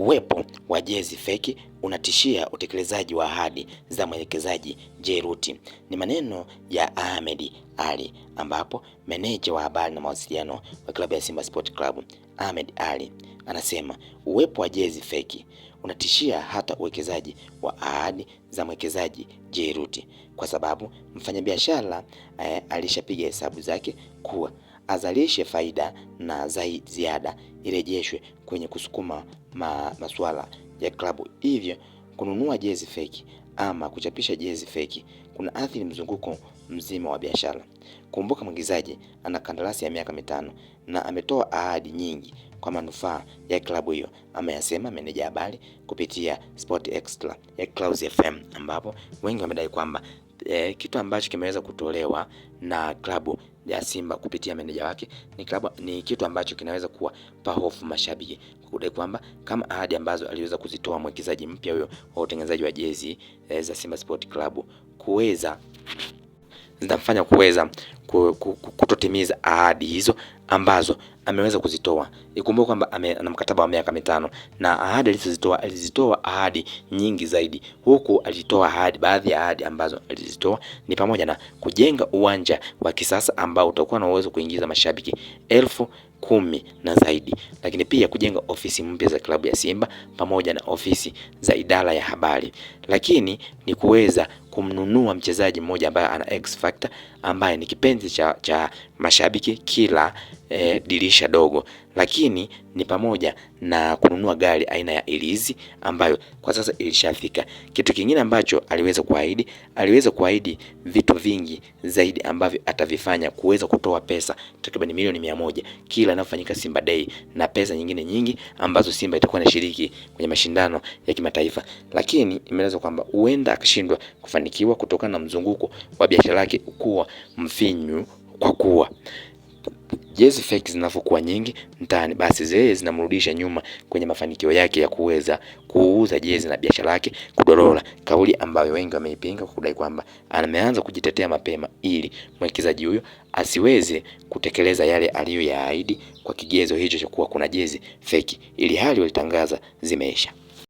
Uwepo wa jezi feki unatishia utekelezaji wa ahadi za mwelekezaji jeruti ni maneno ya Ahmed Ali, ambapo meneja wa habari na mawasiliano wa klabu ya Simba Sport Club Ahmed Ali anasema uwepo wa jezi feki unatishia hata uwekezaji wa ahadi za mwekezaji Jeruti kwa sababu mfanyabiashara eh, alishapiga hesabu zake kuwa azalishe faida na zaidi ziada irejeshwe kwenye kusukuma ma, masuala ya klabu. Hivyo kununua jezi feki ama kuchapisha jezi feki kuna athiri mzunguko mzima wa biashara. Kumbuka, mwigizaji ana kandarasi ya miaka mitano na ametoa ahadi nyingi kwa manufaa ya klabu hiyo, ameyasema meneja habari kupitia Sport Extra ya Clouds FM, ambapo wengi wamedai kwamba eh, kitu ambacho kimeweza kutolewa na klabu ya Simba kupitia meneja wake ni, klabu, ni kitu ambacho kinaweza kuwa hofu mashabiki kwa kudai kwamba kama ahadi ambazo aliweza kuzitoa mwekezaji mpya huyo wa utengenezaji wa jezi eh, za Simba Sport Club kuweza zitamfanya kuweza kutotimiza ahadi hizo ambazo ameweza kuzitoa. Ikumbuke kwamba ana mkataba wa miaka mitano na ahadi alizozitoa, alizitoa ahadi nyingi zaidi, huku alitoa ahadi, baadhi ya ahadi ambazo alizitoa ni pamoja na kujenga uwanja wa kisasa ambao utakuwa na uwezo kuingiza mashabiki elfu kumi na zaidi, lakini pia kujenga ofisi mpya za klabu ya Simba pamoja na ofisi za idara ya habari, lakini ni kuweza kumnunua mchezaji mmoja ambaye ana X factor ambaye ni kipenzi 子家家 mashabiki kila e, dirisha dogo, lakini ni pamoja na kununua gari aina ya Elise ambayo kwa sasa ilishafika. Kitu kingine ambacho aliweza kuahidi, aliweza kuahidi vitu vingi zaidi ambavyo atavifanya kuweza kutoa pesa takriban milioni mia moja kila inayofanyika Simba Day na pesa nyingine nyingi ambazo Simba itakuwa inashiriki kwenye mashindano ya kimataifa, lakini imeelezwa kwamba huenda akashindwa kufanikiwa kutokana na mzunguko wa biashara yake kuwa mfinyu kwa kuwa jezi fake zinavyokuwa nyingi mtaani, basi zeye zinamrudisha nyuma kwenye mafanikio yake ya kuweza kuuza jezi na biashara yake kudorora, kauli ambayo wengi wameipinga kwa kudai kwamba ameanza kujitetea mapema ili mwekezaji huyo asiweze kutekeleza yale aliyoyaahidi kwa kigezo hicho cha kuwa kuna jezi feki, ili hali walitangaza zimeisha.